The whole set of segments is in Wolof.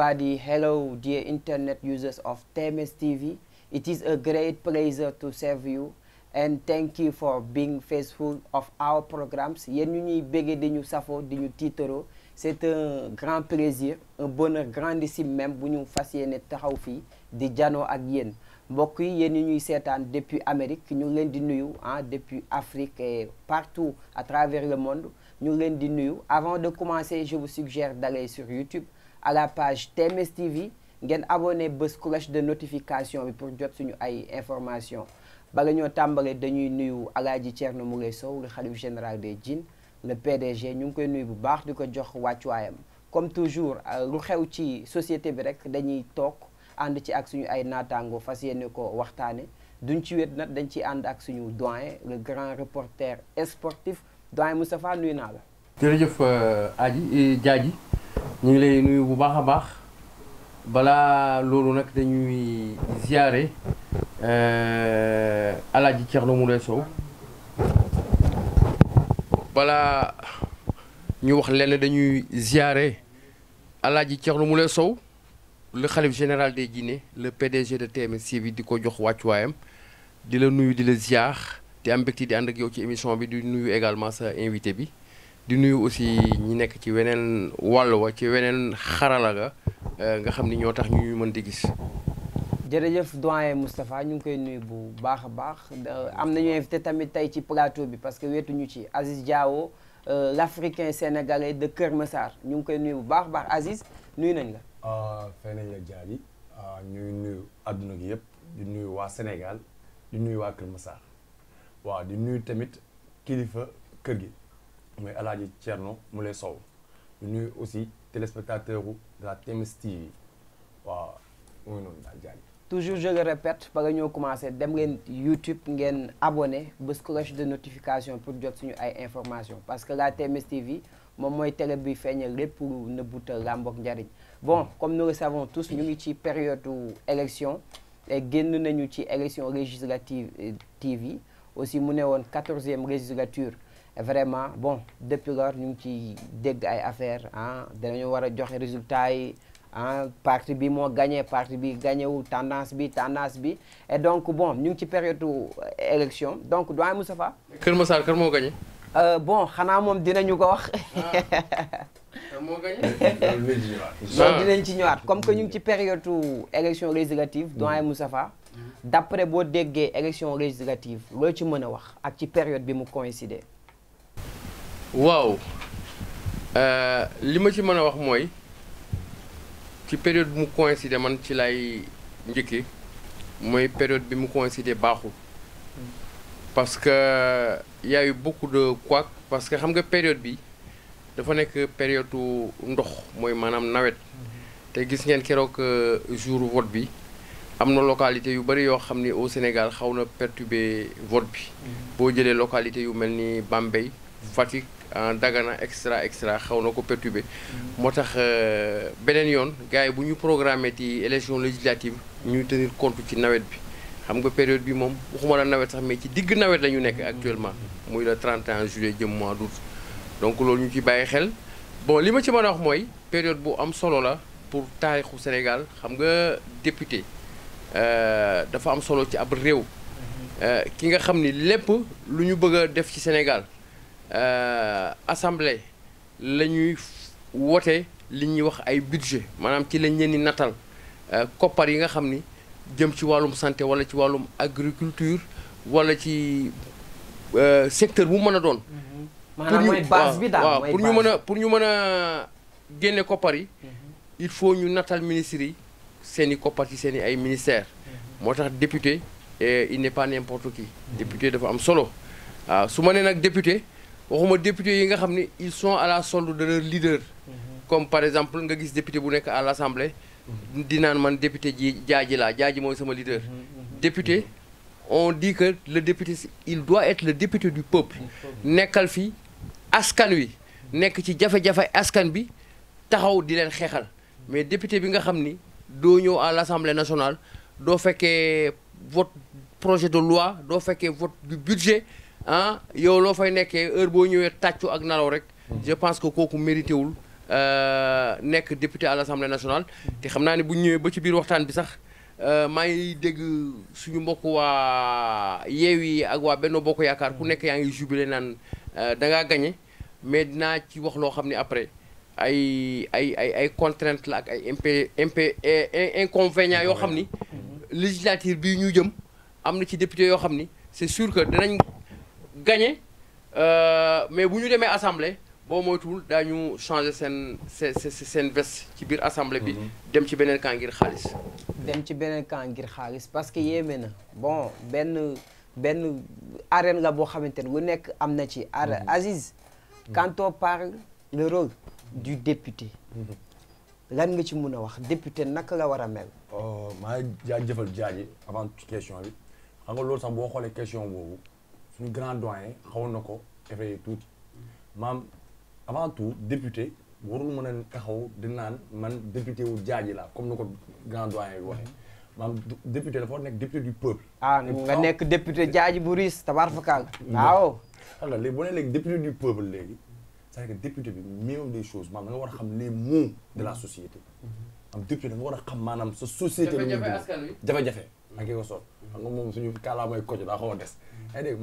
everybody. Hello, dear internet users of TMS TV. It is a great pleasure to serve you and thank you for being faithful of our programs. yéen ñu ñuy béggee di ñu safoo di ñu tiitaroo c'est un grand plaisir un bonheur grandissime même bu ñu fas ne taxaw fii di janoo ak yéen mbokk yi yéen ñu ñuy seetaan depuis Amérique ñu ngi leen di nuyu ah depuis Afrique et partout à travers le monde ñu ngi leen di nuyu. avant de commencer je vous suggère d'aller sur YouTube. à la page TMS TV ngeen abonné bés collège de notification bi pour jot suñu ay information bala ñoo tàmbalee dañuy nuyu Alaaji Thierno Moulay Sow le xalif général des Jin le PDG ñu ngi koy nuyu bu baax di ko jox wàccuwaayam comme toujours euh, lu xew ci société bi rek dañuy toog ànd ci ak suñu ay naataango fas yéene ko waxtaane duñ ci wet nag dañ ciy ànd ak suñu doyen le grand reporter sportif doyen Moustapha nuyu naa la jërëjëf euh, Aji Jaaji euh, ñu ngi lay nuyu bu baax a baax balaa loolu nag dañuy ziyaare euh, Alaaji Thierno Moule Sow balaa ñu wax lenn dañuy ziyaare Alaaji Thierno Moule Sow le xalif général des Guinée le PDG de TMS bi di ko jox wàccuwaayam di la nuyu di la ziyaar te am mbégte di ànd ak yow ci émission bi di nuyu également sa invité bi di nuyu aussi ñi nekk ci weneen wàll wa ci weneen xarala ga euh, nga xam ni ñoo tax ñu mën di gis. jërëjëf doyen Moustapha ñu ngi koy nuyu bu baax a baax euh, am nañu invité tamit tey ci plateau bi parce que wetuñu ci Aziz Diawo euh, l'africain sénégalais de Kër Massar ñu ngi koy nuyu bu baax a baax Aziz nuyu nañ la. Ah, fay nañ la jaabi ah, ñuy nuyu adduna gi yëpp di nuyu waa Sénégal di nuyu waa Kër Massar waaw di nuyu tamit kilifa kër gi. mooy El Hadj Thierno Moule Sow ñu nuyu aussi téléspectateur de la TMS TV waaw mooy noonu daal jaay. toujours je le répète ba nga ñëw commencé dem ngeen YouTube ngeen abonné bés cloche de notification pour jot suñu ay information parce que la TMS TV moom mooy télé bi feeñal lépp pour nëbbuta làmboog njariñ bon comme nous le savons tous ñu ngi ci période élection et génn nañu ci élection législative euh, TV aussi mu ne woon quatorzième législature. vraiment bon depuis lors ñu ngi ci dégg ay affaire ah danañu war a joxe résultat yi ah parti bi moo gagné parti bi gagné wu tendance bi tendance bi et donc bon ñu ngi ci période élection donc doyen Moustapha. Kër Massar kër euh, bon xanaa moom dinañu ko wax. moo ah. dinañ ci ñëwaat comme que ñu ngi ci période élection législative doyen Moustapha. Mm-hmm. d' après boo déggee élection législative loo ci mën a wax ak ci période bi mu coïncider. waaw euh, li ma ci mën a wax mooy ci période bu mu coïncider man ci lay njëkki mooy période bi mu coïncider baaxul parce que y a eu beaucoup parce que xam nga période bi dafa nekk période ndox mooy maanaam nawet mm-hmm. te gis ngeen keroog euh, jour vote bi am na localité yu bëri yoo xam ni au Sénégal xaw na perturber vote bi mm-hmm. boo jëlee localité yu mel ni bambay Fatick dagana extra extra xaw na ko perturbé moo tax euh, beneen yoon gars yi bu ñu programmé ci élection législative ñu tenir compte ci nawet bi xam nga période bi moom waxuma la nawet sax mais ci digg nawet la ñu nekk actuellement muy le 31 juillet jëm mois d'août donc loolu ñu ci bàyyi xel bon li ma ci man a wax mooy période bu am solo la pour taarixu Sénégal xam nga député euh, dafa am solo ci ab réew euh, ki nga xam ni lépp lu ñu bëgg a def ci Sénégal Euh, assemblée la ñuy wote li ñuy wax ay budget maanaam ci lañ leen di nattal euh, koppar yi nga xam ni jëm ci wàllum santé wala ci wàllum agriculture wala ci euh, secteur bu mën a doon. Mm-hmm. maanaam mooy base pour ñu mën a pour ñu mën a génne koppar yi. Mm-hmm. il faut ñu natal ministres yi seen i koppar ci seen i ay ministères. Mm-hmm. moo tax député il n'est pas n'importe qui. député dafa am solo waaw su ma nee nag député. waxuma député yi nga xam ne ils sont à la solde de leur leader. Mhm. comme par exemple nga gis député bu nekk à l'assemblée. Mhm. di naan man député ji jaaji laa jaaji mooy sama leader. Mhm, député on dit que le député il doit être le député du peuple. nekkal fi askan wi. nekk ci jafe-jafe askan bi taxaw di leen xeexal mais député bi nga xam ni doo ñëw à l'assemblée nationale doo fekkee vote projet de loi doo fekkee vote du budget. ah yow loo fay nekkee heure boo ñëwee tàccu ak nalaw rek. Hmm. je pense que kooku mérité wul euh, nekk député à l' assemblée nationale. te xam naa ne bu ñu ñëwee ba ci biir waxtaan bi sax euh, maa ngi dégg suñu mbokk waa Yewwi ak waa Benno Bokk Yaakaar ku nekk yaa ngi jubilé naan euh, da ngaa mais dinaa ci wax loo xam ne après ay ay ay ay contraintes la ak ay impé impé inconvénients yoo xam ni. Hmm. législature bii ñu jëm am na ci député yoo xam ni c' est sûr que danañ. gagné euh, mais bu ñu demee assemblée boo moytuwul daañu changer seen seen seen veste ci biir assemblée bi. Mhm. dem ci beneen camp ngir xaalis. dem ci beneen camp ngir xaalis parce que yéeme na bon benn benn arène la boo xamante ne lu nekk am na ci. arène mhm. Aziz. Mhm. quand parle du député. lan nga ci mun a wax député naka la war a mel. Oh, maa ngi jaajëfal jaaji avant question bi xam nga loolu sax boo xoolee question boobu. suñu grand doyen xawoon na ko éveillé tuuti maam avant tout député warul mën a taxaw di naan man député wu jaaji laa comme ni ko grand doyen bi waxee maam député dafa war nekk député du peuple. ah nga nekk député jaaji bu riis tabaar fakal mm. waaw. xam nga léegi boo nee léegi député du peuple léegi cest à député bi minimum des choses maam da nga war a xam les mots de la société. Mm-hmm. am député da nga war a xam maanaam sa société. jafe-jafe askan wi jafe-jafe. ak ki ko sol xam nga moom suñu kàllaamay koco a des mm. yaa bi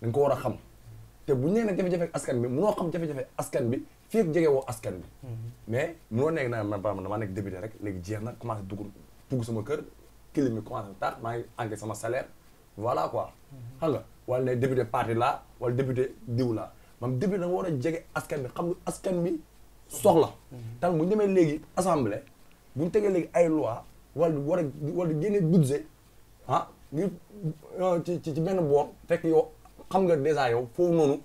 dañ ko war a xam te bu ñu nee nag jafe-jafe askan bi munoo xam jafe-jafe askan bi fii ak jege bi mm-hmm. mais munoo nekk naa man par damaa nekk débuté rek léegi jeex na commencé dugg dugg sama kër kilim bi commencé tax sama salaire voilà quoi mm-hmm. xam nga wala ne député parti laa wala député diw laa maam député da nga war a jege askan bi xam nga askan bi soxla tam mm-hmm. bu ñu demee léegi assemblée bu ñu tegee léegi ay loi wala war a war a génne budget ah ngir euh, ci ci benn boor fekk yow xam nga dèjà yow foofu noonu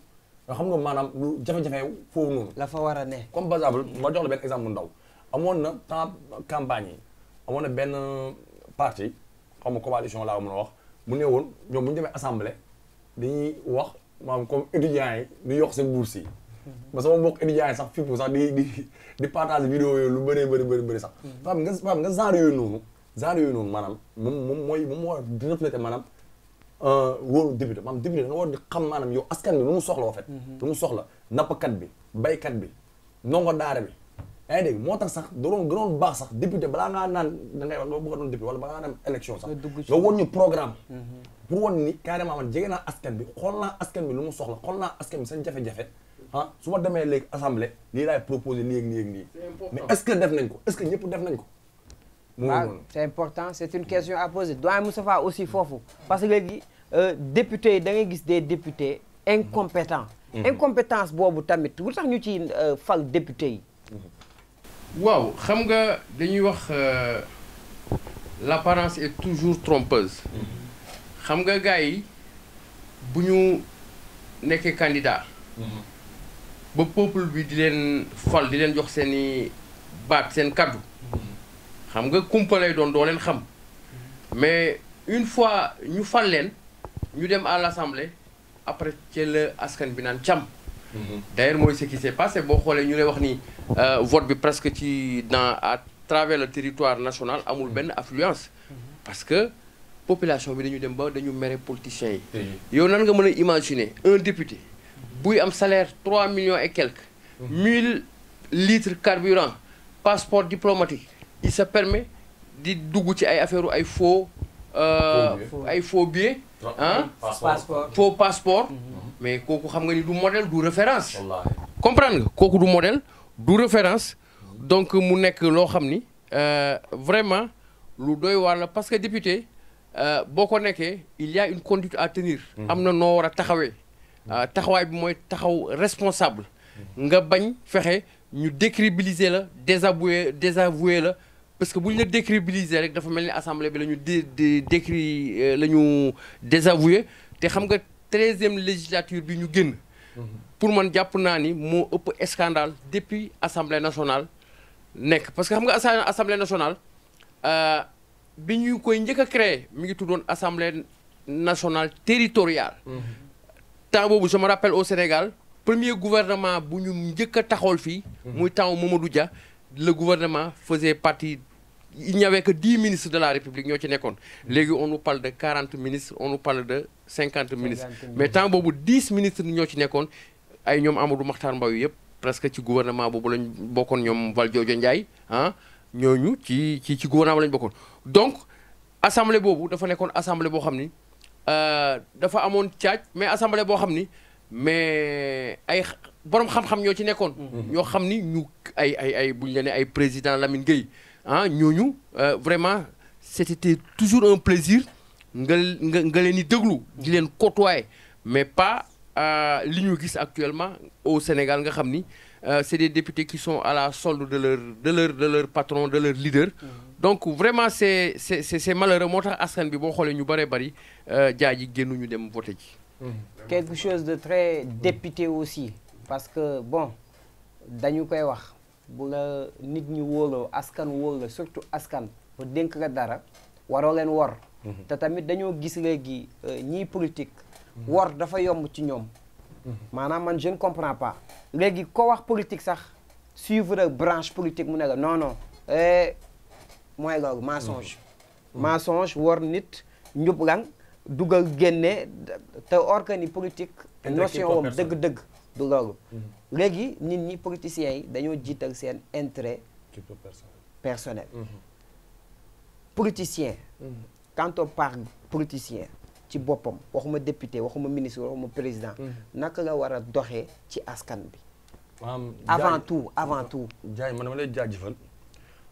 xam nga maanaam lu jafe-jafe yow foofu noonu. la fa war a ne. comme par exemple ma jox la benn exemple ndaw amoon na temps campagne yi amoon na benn parti xaw ma coalition laa mën a wax mu ne woon ñoom bu ñu demee assemblée dañuy wax maanaam comme étudiants yi ñu yokk seen bourse ba sama mbokk étudiants yi sax fippu sax di di di partage vidéo lu bëree bëri bëri bëri sax paam mm-hmm. nga paam nga genre yooyu noonu genre yooyu noonu maanaam moom moom mooy moom moo di reflété maanaam euh, wóolu député maanaam député da nga war di xam maanaam yow askan bi lu mu soxla en mm-hmm. mu soxla nappkat bi baykat bi ndongo daara bi yaa ngi tax sax doon gënoon baax sax député balaa ngaa naan da ngay wax doo bëgg a wala balaa ngaa dem élection sax nga won ñu programme mm-hmm. pour won ni carrément man jege naa askan bi xool naa askan bi lu mu soxla xool naa askan bi seen jafe-jafe ah su ma demee léegi assemblée lii laay proposé lii ak lii ak lii mais est que def nañ ko est ce ñëpp def nañ ko waaw c'est important c'est une question à poser doyen Moustapha aussi foofu parce que léegi euh, député yi da ngay gis des députés incompétents mm-hmm. incompétence boobu tamit lu tax ñu ci euh, fal député yi mm-hmm. waaw xam nga dañuy wax euh, l'apparence est toujours trompeuse mm-hmm. xam nga gars yi bu ñu nekkee candidat ba peuple bi di leen fal di leen jox seeni baat seen kaddu xam nga kumpa lay doon doo leen xam mais une fois ñu fal leen ñu dem à l'assemblée après ci askan bi naan càmm. d'ailleurs mooy ce qui s'est passé boo xoolee ñu lay wax ni euh, vote bi presque ci dans à travers le territoire national amul benn affluence parce que population bi dañu dem ba dañu mere politiciens yi yow nan nga mën a imaginer un député buy am salaire trois millions et quelques. mille litres carburant passeport diplomatique il se permet di dugg ci ay affaire ay faux. Euh, ay faux billets ah passeport mhm. mais kooku xam nga ni du modèle du référence comprendre kooku du modèle du référence donc mu nekk loo xam ni euh, vraiment lu dooy waar la parce que député euh, boo ko nekkee il y une conduite à tenir mhm. am na noo war a taxawee Euh, taxawaay bi mooy taxaw responsable nga bañ fexe ñu décrédibiliser la désavouer désavouer la parce que bu ñu la décrédibiliser rek dafa mel ni assemblée bi la ñu dé décri euh, la ñu désavouer te xam nga treizième législature bi ñu génn pour man jàpp naa ni moo ëpp scandale depuis assemblée nationale nekk parce que xam nga assemblée nationale euh, bi ñu koy njëkk créer créé mi ngi tuddoon assemblée nationale territoriale mm-hmm. temps boobu je me rappelle au Sénégal premier gouvernement bu ñu njëkk a taxawal fii. Mhm. muy temps Mamadou Dia le gouvernement faisait partie. il n'y avait que dix ministres de la République ñoo ci nekkoon mhm. léegi on nous parle de quarante ministres on nous parle de cinquante ministres mais temps boobu dix ministres ñoo ci nekkoon ay ñoom Amadou Makhtar Mbow yëpp presque ci gouvernement boobu lañ bokkoon ñoom Valdiodio Ndiaye ah ñu ci ci ci gouvernement lañ bokkoon donc assemblée boobu dafa nekkoon assemblée boo xam ni Euh, dafa amoon caaj mais assemblée boo xam ni mais ay boroom xam-xam ñoo ci nekkoon. Mhm. ñoo xam ni ñu ay ay ay bu ñu la ay président Lamine Gueye ah ñooñu euh, vraiment c'était toujours un plaisir nga nga nga leen di déglu. di leen côtoyer mais pas euh, li ñu gis actuellement au Sénégal nga xam ni c'est des députés qui sont à la solde de leur de leur de leur patron de leur leader. Mhm. donc vraiment c'est c'est c'est malheureux moo tax askan bi boo xoolee ñu baree bari. jaay euh, ji génnuñu dem voté ji. Mmh. quelque chose de très député aussi parce que bon dañu koy wax bu la nit ñi wóoloo askan wóol la surtout askan ba denk la dara waroo leen wor. Mmh. te tamit dañoo gis léegi euh, ñii politique. Mmh. wor dafa yomb ci ñoom. maanaam man je ne comprends pas. léegi ko wax politique sax suivre branche politique mu ne la non non. Eh, mooy loolu mensonge. mensonge wor nit njublang dugal génne te organe politique notion wam dëgg-dëgg du loolu mhm. léegi nit ñi politiciens yi dañoo jiital seen intérêt personnel mhm. politicien mhm. quand paax parle politicien ci boppam waxuma député waxuma ministre waxuma président naka la war a doxee ci askan bi avant tout avant tout jaay man dama lay jaajëfal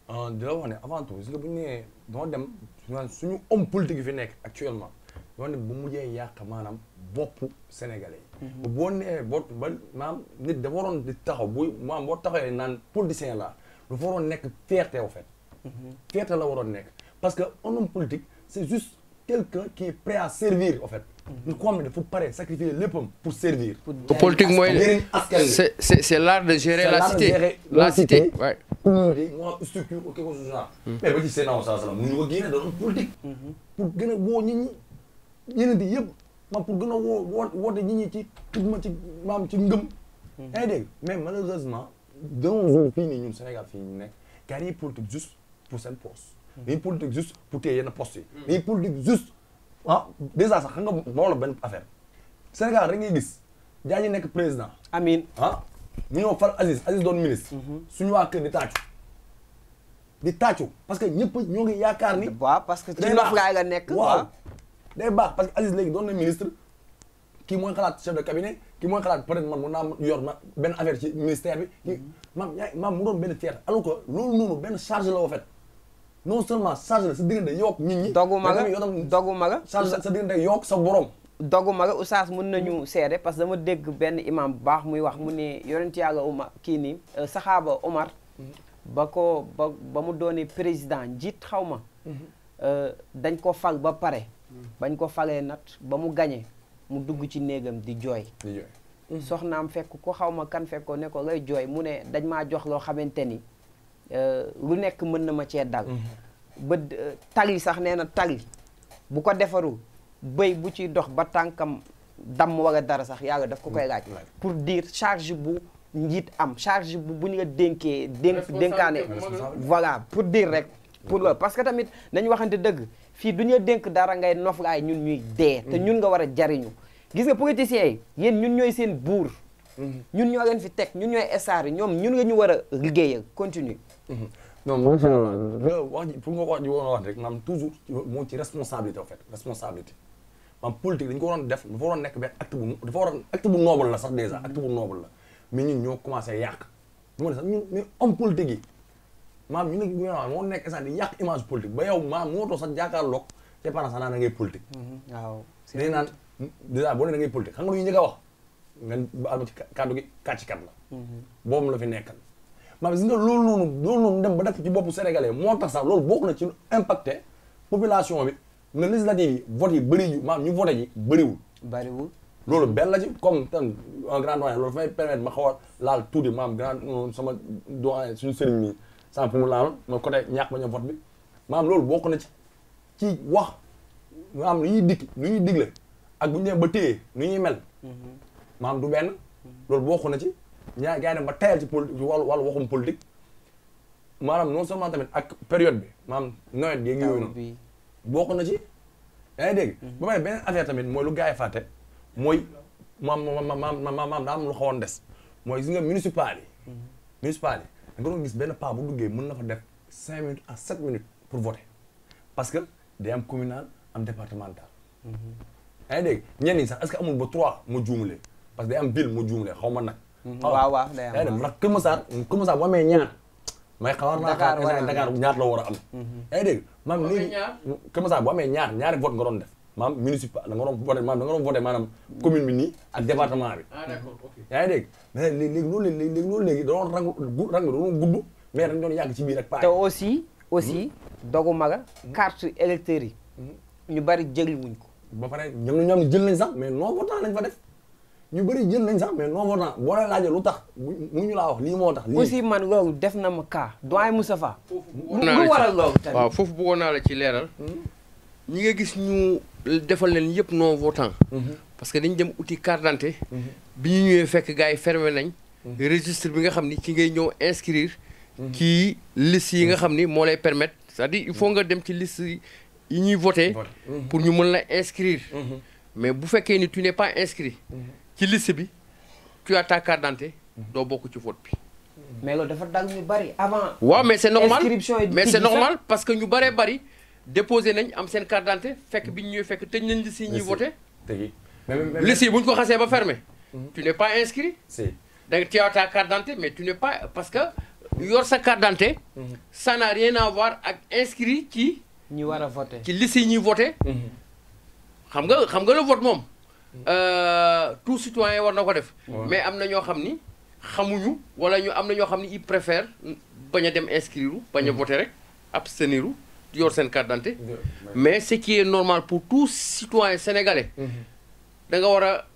ah, di la wax ne avant tout si nga bu suñu homme politique yi fi nekk actuellement yoon bu mujjee yàq maanaam boppu sénégalais mhm. boo nee boo ba maam nit dafa waroon taxaw bu maam boo taxawee naan politicien la dafa waroon nekk fierté au fait mhm. fierté la waroon nekk parce que un homme politique c'est juste quelqu'un qui est prêt à servir en fait ñu mhm. ko xam ne dafa pare sacrifier léppam pour servir politique mooy c'est c'est c'est l'art de gérer la cité la cité mm. mais ba ci Sénégal sax la mu ñu ko génne doon politique pour gën a woo nit yeneen yi yëpp ma pour gën a woo woo woote ñi ñi ci xidma ci maam ci ngëm. Hmm. yaa ngi dégg mais malheureusement. donc fii nii ñun Sénégal fii nekk gars yi politique juste pour seen poste. Hmm. dañuy politique juste pour téye yenn poste yi. Hmm. dañuy politique juste ah déjà sax xam nga boole benn affaire Sénégal rek ngay gis jaa ñi nekk président. amiin ah mu ñëw far Aziz Aziz doon ministre. suñu waa kër di tàccu. di tàccu parce que ñëpp ñoo ngi yaakaar ni. waaw parce que ci ndox nga nekk. waaw day baax parce que Aziz léegi doon na ministre kii mooy xalaat chef de cabinet kii mooy xalaat peut-être man mun naa yor ma benn affaire ci ministère bi kii maam yaay maam mu doon benn tiers alors que loolu noonu benn charge la en fait non charge la sa diggante yow ak nit ñi dogu ma la dogu ma la sa diggante yow ak sa borom dogu ma la oustaz mën nañu seede parce que dama dégg benn imam bu baax muy wax mu ne yonent yàlla Omar kii nii euh, saxaaba Omar mhm. ba ko ba ba mu doonee président njiit xaw ma mhm. euh, dañ ko fal ba pare bañ ko falee nag ba mu gañee mu dugg ci néegam di jooy mm-hmm. soxnaam fekk ko xaw ma kan fekkoo ko ne ko lay jooy mu ne dañ maa jox loo xamante ni euh, lu nekk mën na ma cee dal mm-hmm. ba euh, tali sax nee na tali bu ko defarul bëy bu ci dox ba tànkam damm wala dara sax yàlla daf ko koy mm-hmm. laaj pour diir charge bu njiit am charge bu bu ñu la dénkee dénk dénkaane voilà pour dire rek pour la parce que tamit nañ waxante dëgg fii du ñu dénk dara ngay noflaay ñun ñuy dee. te mm-hmm. ñun nga war a jariñu. gis nga politiciens yi yéen ñun ñooy seen buur. Mm-hmm. ñun ñoo leen fi teg ñun ñooy estaar yi ñoom ñun nga ñu war a liggéeyal continue. Mm-hmm. non non non wax ji pour nga wax ji woon rek maanaam toujours moo ci responsabilité en fait responsabilité maanaam politique dañu def dafa waroon nekk benn acte bu noble la sax déjà acte bu noble la mais ñun ñoo commencé yàq. du ma ne sax ñun mais homme politique maam ñu ne moo nekk sax di yàq image politique ba yow maam moo tax sax jàkkaarloog te par exemple da ngay politique. Mm-hmm. waaw si dañuy boo nee da ngay politique xam nga lu ñu njëkk a wax nga baal ma ci kàddu gi kàccikat la. Mm-hmm. la fi nekk maam gis loolu noonu loolu noonu dem ba def ci boppu sénégalais moo tax sax loolu bokk na ci impacté population bi nga législative yi vote yi bëri yu maam ñu voté ji bëriwul. bëriwul. loolu benn la ci comme tan un grand doyen loolu ma xaw a laal tuuti maam grand sama doyen suñu sëriñ mi. sànq mu laaloon mooy côté ñaax bañ a vote bi maanaam loolu bokk na ci ci wax am lu ñuy dikk lu ñuy digle ak bu ñu demee ba téye lu ñuy mel. maanaam mm-hmm. du benn. Mm-hmm. loolu bokk na ci ñaar gars yi dem ba tayal ci poli ci wàllu wàllu waxum politique maanaam non seulement tamit ak période bi maanaam nawet yeeg yooyu noonu. bokk na ci yaa ngi dégg. Mm-hmm. ba pare beneen affaire tamit mooy lu gars yi fàtte mooy maam maam maam ma daa am lu xawoon des mooy gis ma municipal yi. municipal yi. da nga gis benn paa bu duggee mun na fa def cinq minutes à sept minutes pour voter parce que day am communal am départemental. Mhm. yaa ngi dégg ñenn ñi sax est que amul ba trois mu juumlee parce que day am ville mu juumlee xaw ma nag. Mhm. waaw waaw day am waaw yaa ngi dégg Kër Masar Kër Masar boo amee ñaar. may xawaar naa Dakar Dakar ñaar la war a am. Mhm. yaa ngi dégg man léegi Kër Masar boo amee ñaar ñaari vote nga doon def. maam municipal da nga doon voté maam da nga doon voté commune bi nii ak département bi. ah d'accord ok léegi léegi loolu léegi da doon rang rang da doon gudd mais dañ doon yàgg ci biir ak paa te aussi dogu maga carte électeur yi hmm. ñu bari jëli wuñ ko ba pare ñoom ñoom jël nañ sax mais non votant lañ fa def ñu bëri jël nañ sax mais non votant boo la laajee lu tax mu ñu laa wax lii moo tax. lii ma man loolu def na ma cas doyen Moustapha. foofu bëggoon naa la ci foofu bëggoon naa la ci leeral. Hmm? defal leen yëpp non votant mhm. parce que dañ dem outil carte d'identité mhm. bi ñu ñëwee fekk gars yi fermé nañ mhm. registre bi nga xam ni ci ngay ñëw inscrire ci liste yi nga xam ni moo lay permettre sa di dire il faut nga dem ci liste yi ñuy voté pour ñu mën la inscrire mais bu fekkee ni tu n'es pas inscrit ci liste bi tu as ta carte d'identité doo bokk ci vote bi mais waaw mais c'est normal mais c'est normal parce que ñu baree bari déposé nañ am seen carte d'identité fekk bi ñu ñëwee fekk tëj nañ liste yi ñuy voté. liste yi bu ñu ko xasee ba ferme mm-hmm. tu n'es pas inscrit. si da nga teewaat ta carte d'identité mais tu n'es pas parce que yor sa carte d'identité. Mm-hmm. ça n'a rien à ak inscrit ci. ñi war a voté ci liste yi ñuy voté. Mm-hmm. xam nga xam nga le vote moom. Euh, tout citoyen war na ko def. mais am na ñoo xam ni xamuñu wala ñu am na ñoo xam ni ils préfèrent bañ a dem inscrire bañ a voté rek abstenir yor seen carte d'identité mais ce qui est normal pour tout citoyen sénégalais mm-hmm. danga nga war a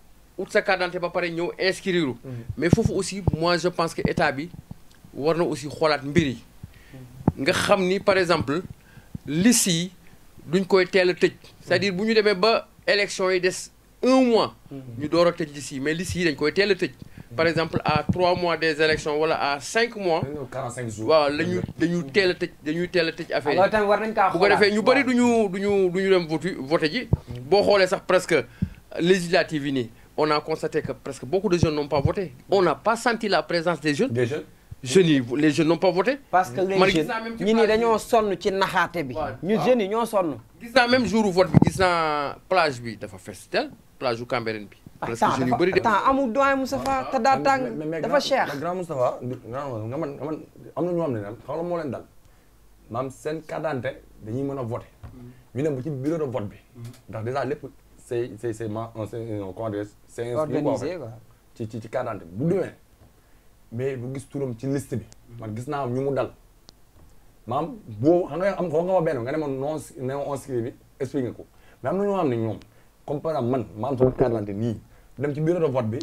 ut sa carte ba pare ñëw inscrire mm-hmm. mais foofu aussi moi je pense que état bi war na aussi xoolaat mbir yi mm-hmm. nga xam ni par exemple liste yi duñ koy teel a tëj sa diir bu ñu demee ba élection yi des un mois ñu door a tëj liste yi mais liste yi dañ koy teel a tëj par exemple à trois mois des élections wala à cinq mois. waaw la ñu teel a tëj dañuy teel a tëj affaire yi. bu ko defee ñu bëri du ñu du ñu ñu dem voté ji. boo xoolee sax presque législative yi nii on a constaté que presque beaucoup de jeunes n'ont pas voté. on n'a pas senti la présence des jeunes. des jeunes. jeunes yi les jeunes n'ont pas voté. parce que les jeunes ñi ni dañoo sonn ci naxaate bi. ñu jeunes yi ñoo sonn. gis naa même jour vote bi gis naa plage bi dafa fees tel plage u Cambérène bi. parce que jeunes yu bëri de temps amul doyen Moustapha ah, te dafa cher. mais grand Moustapha grand nga man man am na ñoo xam ne daal xaw ma moo leen dal maam seen carte d'identité dañuy mën a voter. Mm-hmm. ñu dem vote bi. Mm-hmm. ndax déjà lépp c'est c'est c'est ma on c'est organisé quoi ci ci ci carte d'identité bu demee mais bu gis turam ci liste bi. man gis naa ñu mu dal maam boo xam am xaw nga benn nga ne ma non non inscrit bi expliqué ko mais am na ñoo xam ne ñoom comme par exemple man maam sama carte nii. dem ci bureau de vote bi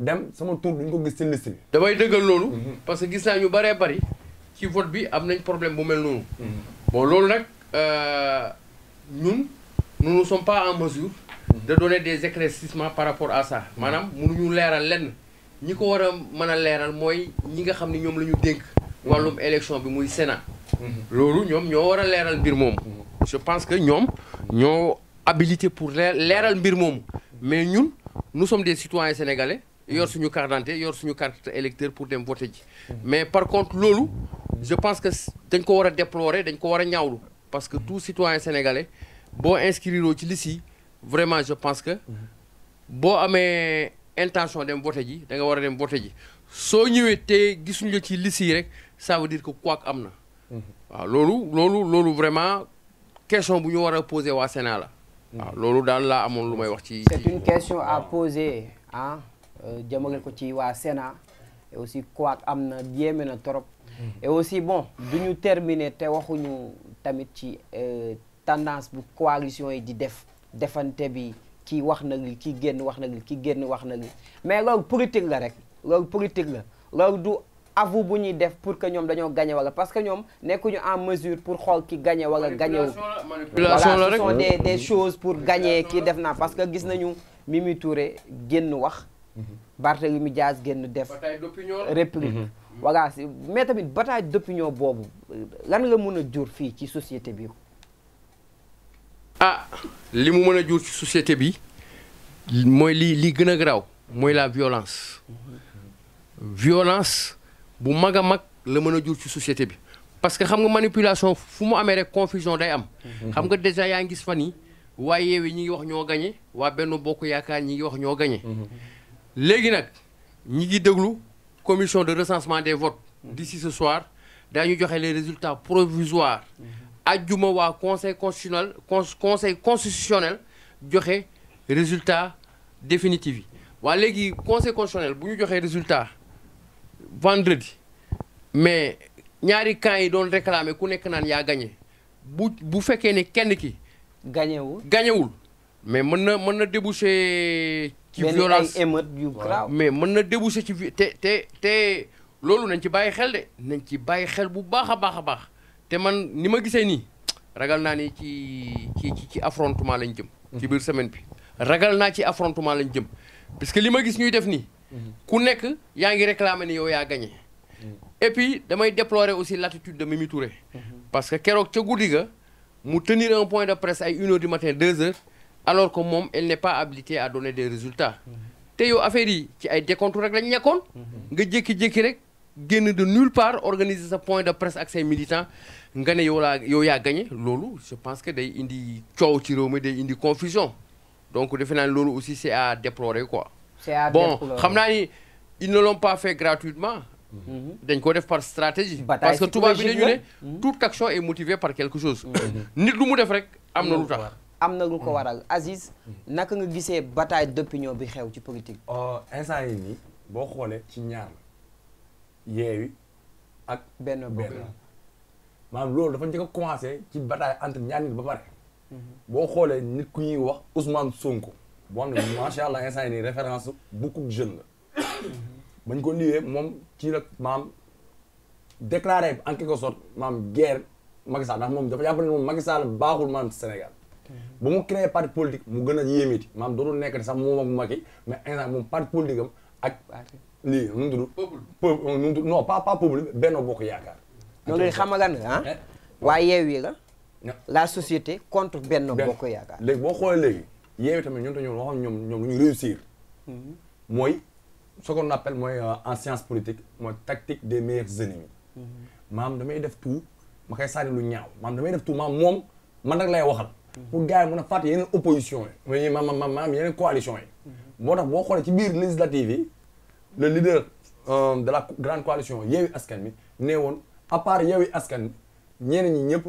dem sama tur duñ ko gis ci liste bi. damay dëggal loolu. Mhm. parce que gis naa ñu baree bari ci vote bi am nañ problème bu mel noonu. Mhm. bon loolu nag euh, ñun nous ne sommes pas en mesure. Mhm. de donner des éclaircissements par rapport à ça maanaam ñu leeral lenn ñi ko war a mën a leeral mooy ñi nga xam ni ñoom la ñu dénk. wàllum élection bi muy Sénat. loolu ñoom ñoo war a leeral mbir moomu. je pense que ñoom ñoo habilité pour leeral mbir moomu nous som des citoyens sénégalais yor suñu carte yor suñu carte électeur pour dem voter ji mais par contre loolu je pense que dañ ko war a déplorer dañ ko war a ñaawlu parce que tout citoyen sénégalais boo inscrire ci liste yi vraiment je pense que boo amee intention dem voter ji da nga war a dem voter ji soo ñëwee te gisuñu la ci liste yi rek ça veut dire que ak am na mhm. waaw loolu loolu loolu vraiment question bu ñu war a poser waa Sénat la waaw loolu daal laa amoon lu may wax ci. c'est une question à poser ah jëmale ko ci waa Sénat aussi quoi am na yéeme na trop. aussi bon du ñu terminer te waxuñu tamit ci euh, tendance bu coalition yi di def defante bi kii wax na li kii génn wax na li kii génn wax na li mais loolu politique la rek loolu politique la loolu du. avu bu ñuy def pour que ñoom dañoo gagné wala parce que ñoom nekkuñu en mesure pour xool ki gagné wala gagné wu. manipulation la des des choses pour gagné kii def naa parce que gis nañu mii muy Touré génn wax. Barthélemy Diaz génn def. réplique mhm. voilà si mais tamit bataille ñoo boobu lan nga mën a jur fii ci société bi. ah li mu mën a jur ci bi mooy li li gën a garaaw mooy la violence. Mhm. violence. bu mag a mag la mën a jur ci société bi parce que xam nga manipulation fu mu amee rek confusion day am xam nga déjà yaa ngis fan yi waa yeewi ñi ngi wax ñoo gañe waa benn bokk yaakaar ñi ngi wax ñoo gañe léegi nag ñi ngi déglu commission de recensement des votes d'ici ce soir ñu joxe les résultats provisoires ajjuma waa conseil constitutionnel conseil constitutionnel joxe résultat définitif yi waa léegi conseil constitutionnel bu ñu joxee résultat vendredi mais ñaari camps yi doon réclamer ku nekk naan yaa gagné bu bu fekkee ne kenn ki. gagné wul mais mën na mën na déboucher. ci violence émeute yu mais mën na déboucher ci te te te loolu nañ ci bàyyi xel de nañ ci bàyyi xel bu baax a baax a baax te man ni ma gisee nii ragal naa ni ci ci ci affrontement lañ jëm. ci mhm. biir semaine bi ragal naa ci affrontement lañ jëm parce que li ma gis ñuy def nii. Mm-hmm. ku nekk yaa ngi réclamer ni yow yaa gagné. Mm-hmm. et puis damay déplorer aussi l'attitude de Mimi mm-hmm. parce que keroog ca guddi ga mu tenir un point de presse ay une heure du matin deux heures alors que moom elle n'est pas habilitée à donner des résultats. te yow affaire yi ci ay décompte rek lañ nekkoon. nga jékki-jékki rek génn de nulle part organiser sa point de presse ak say militants nga ne yow laa yow yaa gagné loolu je pense que day indi coow ci réew mi day indi confusion donc defe naa loolu aussi à déplorer quoi. bon xam naa ni ils ne l'ont pas fait gratuitement. Mhm. dañ koo def par stratégie. parce que tubaab bi dañu ne. toute action est motivée par quelque chose. Mhm. Mhm. nit lu mu def rek am na lu tax. am na lu ko waral Aziz. naka nga gisee bataille d'opinion bi xew ci politique. Oh, instant yi nii boo xoolee ci ñaar la Yewwi ak Benno Bokk maanaam loolu dafa njëkk a commencé ci bataille entre ñaar nit ba pare. boo xoolee nit ku ñuy wax Ousmane Sonko. boo xam ne macha allah instant yi nii référence ko moom ci la maam déclaré en quelque sorte maam guerre Macky Sall ndax moom dafa jàpp ne moom baaxul maam Sénégal ba mu créé parti politique mu gën a yéemiti maam dootul nekk sax moom ak Macky mais instant moom parti politique am ak mu tudd peuple nu mu pas pas peuple Benno Bokk Yaakaar loolu xamalan ah eh? waaye yeew la la société contre Benno Bokk Yaakaar léegi boo xoolee léegi yeewi tamit ñoom ñoom waxoon ñoom ñoom lu ñu réussir. Mm-hmm. mooy ce qu'on appelle mooy euh, en science politique mooy tactique de des meilleurs ennemis. Mm-hmm. maam damay def tout ma koy sànni lu ñaaw maam damay def tout maam moom man nag lay waxal. Mm-hmm. pour gars yi mën a fàtte yeneen opposition yi. ma maam yeneen coalition yi. moo tax boo xoolee ci biir législative yi le leader euh, de la grande coalition yeewi askan mi nee woon à part askan ñeneen ñi ñëpp.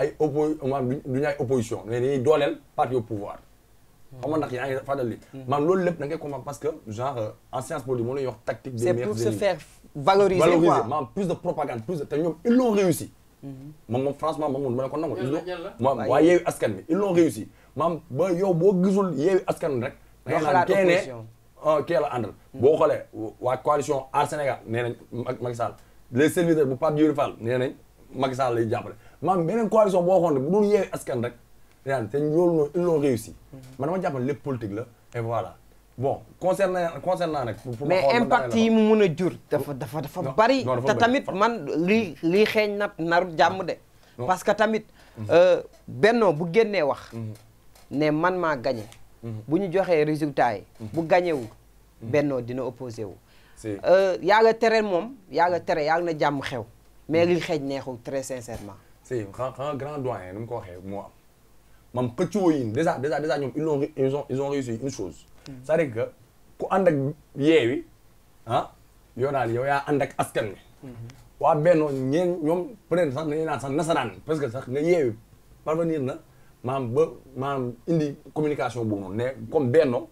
ay oppo maanaam du ñu ay opposition mais dañuy dooleel parti au pouvoir. xam nga ndax yaa ngi fàttali. Hmm. loolu lépp da ngay comprendre parce que genre euh, en science politique moom la ñuy wax tactique. des meilleurs se faire valoriser quoi plus de propagande plus de te ñoom ils l'ont réussi. moom moom franchement moom moom dama ko nangu. jàll la jàll waaye yeewu askan bi ils l'ont réussi maanaam ba yow boo gisul yeewu askan rek. da ngay xalaat opposition ah, hmm. boo xoolee waa coalition Aar Sénégal nee nañ Macky Sall les serviteurs bu Pape Diouf Fall nee nañ maam beneen coalition boo xoon ne bu dul askan rek daan te loolu noonu ils l'ont mhm. man dama jàpp lépp politique la et voilà bon concernant concernant nag mais impact yi mu mun a jur dafa dafa dafa bari te tamit man lii lii xeeñ na narut jàmm de parce que tamit mhm. euh, bennoo bu génnee wax mhm. ne man maa gagné bu ñu joxee résultat yi bu gagné bennoo dina opposé wu euh, yaa nga tere moom yaa nga tere yaa nga na jàmm xew mais lii xeeñ neexul très sincèrement c'est un grand doyen nu mu ko waxee moo am man pëccuwoo yi déjà déjà déjà ñoom ils ont ils ont ils ont réussi une chose. Hmm. cest à ak yeewi ah yow daal yow yaa ànd ak askan wi. Hmm. waa bennoo ñeen ñoom peut-être sax dañuy naan sax nasaraan parce que sax nga yeewi parvenir na maam ba maam indi communication boobu noonu ne comme bennoo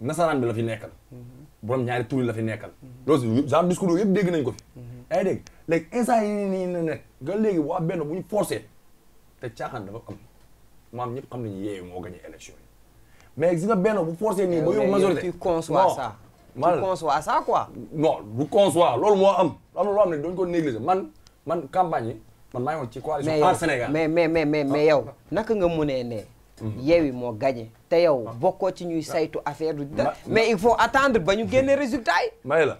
nasaraan bi la fi nekkal. Hmm. borom ñaari tur la fi nekkal. loolu genre yooyu yëpp dégg nañ ko fi. yaa ngi léegi instant yii nii na nekk nga léegi waa benn bu ñu forcé te caaxaan dafa am maam ñëpp xam moo gagné mais gis nga benn bu forcé nii ba yow majorité tu conçois ça tu conçois ça quoi non loolu moo am am loo ne dañu ko négliger man man campagne yi man maa ngi woon ci coalition Aar Sénégal mais mais mais mais ah. yow naka nga mënee ne hmm. yeewi moo gagné te yow ah. bokkoo ci ñuy ah. saytu affaire du mais il faut attendre ba ñu génne résultat yi may la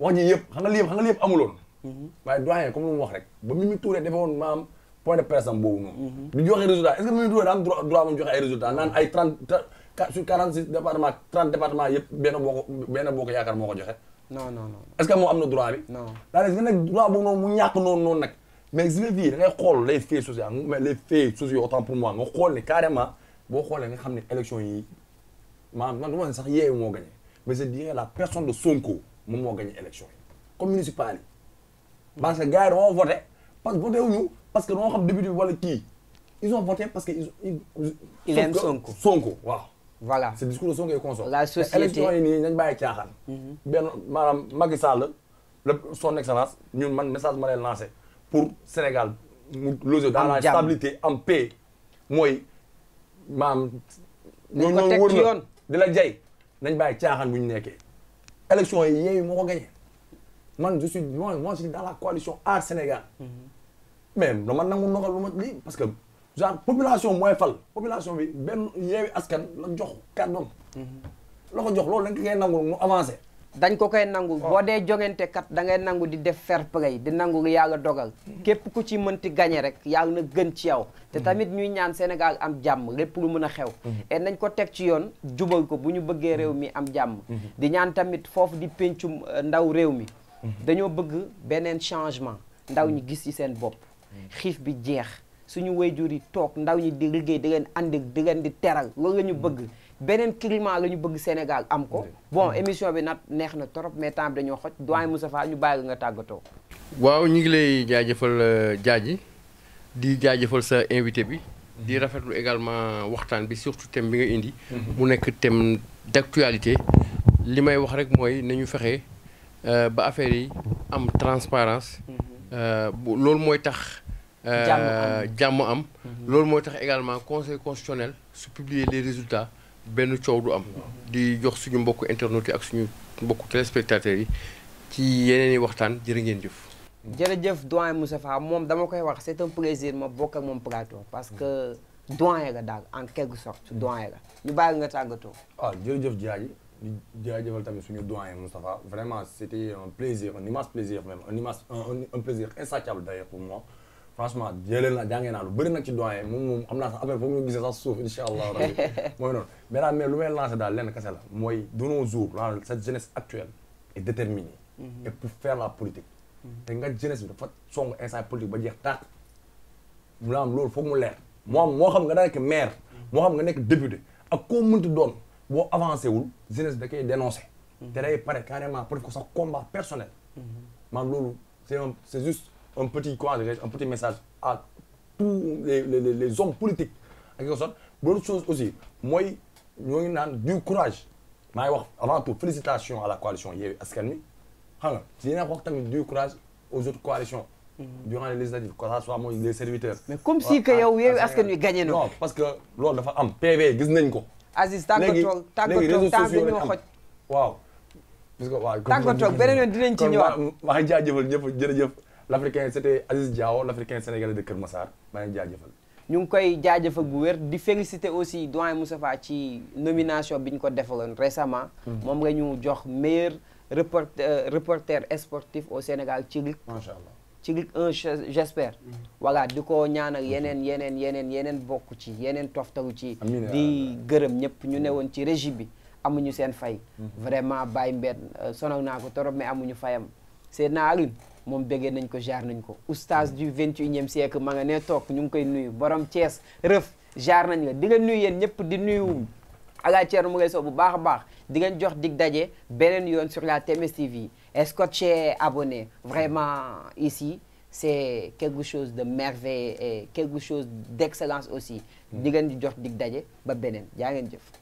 wax ji yëpp xam nga li yëpp xam nga amuloon Mm-hmm. waaye doyen comme lu mu wax rek ba Mimi Touré defe point de presse am boobu noonu. du mm-hmm. joxe résultat est ce que Mimi am droit mu joxe ay résultats naan ay trente sur quarante six yëpp benn boo ko benn boo ko yaakaar moo ko joxe. non non non est ce que moom am na droit bi. non mu ñàkk noonu noonu nag. mais si fii da ngay xool les faits sociaux nga xool ne carrément boo xoolee nga xam ne élection yi maanaam ma ne sax yeewu moo gagné mais c'est dire la personne de Sonko moom moo gagné élection yi. parce que gars yi dañoo parce que voté wuñu parce que dañoo xam député wala kii ils ont voté parce que ils. ils aiment Sonko Sonko waaw. voilà c'est discours de Sonko et consort. la société élection yi nii nañ bàyyi caaxaan. Mhm. benn maanaam Macky Sall son excellence ñun man message ma lay lancé pour Sénégal mu loger dans la stabilité en paix mooy maam. ñoo ñoo wër la di la jay nañ bàyyi caaxaan bu ñu nekkee. élection yi yee moo ko gagné. man je suis moi moi je suis dans la coalition Aar Sénégal. Mm-hmm. mais dama nangu ndogal lu ma lii parce que genre population mooy fal population bi benn yeewi askan la jox kàddoom. Mm-hmm. la ko jox loolu dañ ko koy mu avancé. dañ ko koy nangu oh. boo dee jongante kat da ngay nangu di def fair play di nangu yàlla dogal. Mm-hmm. képp ku ci mënti gagné rek yàlla na gën ci yow. te tamit ñuy ñaan Sénégal am jàmm lépp lu mën a xew. et nañ ko teg ci yoon jubal ko bu ñu bëggee réew mi am jàmm. di ñaan tamit foofu di péncum euh, ndaw réew mi. dañoo bëgg beneen changement ndaw ñi gis ci seen bopp xiif bi jeex suñu wayjur yi toog ndaw ñi di liggéey di leen andi di leen di teral loolu la ñu bëgg beneen climat la ñu bëgg Sénégal am ko bon émission bi nag neex na trop mais temps bi dañoo xoj doyen Moustapha ñu bàyyi nga tàggatoo waaw ñu ngi lay jaajëfal euh, jaaji di jaajëfal sa invité bi di rafetlu également waxtaan bi surtout thème bi nga indi mhm. mu nekk thème d'actualité li may wax rek mooy nañu fexe Euh, ba affaire yi am transparence mhm. euh, bu loolu mooy tax euh, jàmm am mhm. loolu mooy tax également conseil constitutionnel su publier les résultats benn coow du am di jox suñu mbokku internautes ak suñu mbokk téléspectateurs yi ci yeneen i waxtaan jërë ngeen jëf jërëjëf doyen Moustapha moom dama koy wax c'est un plaisir ma bokk ak moom plateau parce que doyen la daal en quelque sorte doyen la ñu bàyyi nga tàggatoo waaw ah, jërëjëf Diagne di jaajëfal tamit suñu doyen Moustapha vraiment c'était un plaisir un immense plaisir même un immense un un plaisir insatiable d'ailleurs pour moi. franchement jëlee naa jàngee naa lu bëri nag ci doyen moom moom xam naa sax après foog ñu gisee sax suuf incha allahu kese la mooy de nos jours la mhm. mhm. te nga jeunesse bi dafa song ba jeex tàq. mu la am loolu foog mu leer. moo am moo xam nga daa nekk maire. moo xam nga nekk député ak koo mënti doon. boo avancé wul jeunesse da koy dénoncé. te day pare carrément pour que sa combat personnel. man loolu c' est un c' est juste un petit quoi un petit message à tous les les les, les hommes politiques. en quelque sorte l'autre chose aussi mooy ñoo ngi naan du courage maa ngi wax avant tout félicitations à la coalition Yewwi Askan Wi xam nga si yéen wax tamit du courage aux autres coalitions. Mm-hmm. durant les législatives que ça soit mooy les serviteurs. mais comme si que yow Yewwi Askan Wi gagné na. non parce que loolu dafa am gis nañ ko. Aziz tàggatoog tàggatoog temps bi ñu xoj waaw parce que waaw tàggatoog beneen yoon dinañ ci ñëwaat maa ngi jaajëfal ñëpp jërëjëf l' africain c' était Aziz Diao l' africain sénégalais de jaajëfal ñu ngi koy jaajëfal bu wér di féliciter aussi doyen Moustapha ci nomination bi ñu ko defaloon récemment hmm. moom nga ñu jox meilleur reporter euh, reporter sportif au Sénégal ci lig ci Ligue 1 j'espère mm. voilà di ko ñaan yeneen mm-hmm. yeneen yeneen yeneen bokk ci yeneen toftalu ci di gërëm ñëpp ñu newoon ci régie bi amuñu seen fay mm-hmm. vraiment bay Mbène euh, sonal naa ko torop mais amuñu fayam naa Alioune moom béggee nañ ko jaar nañ ko oustaz mm-hmm. du vingt-et-unième siècle ma nga ne toog ñu ngi koy nuyu borom Thiès rëf jaar nañ la di nga nuyu yéen ñëpp di nuyu Alaaji Thierno Moule Sow bu baax a baax di ngeen jox dig daje beneen yoon sur la TMS TV Est-ce que tu es Vraiment, ici, c'est quelque chose de merveilleux e quelque chose d'excellence aussi. Mm. di Nous avons dit que nous jëf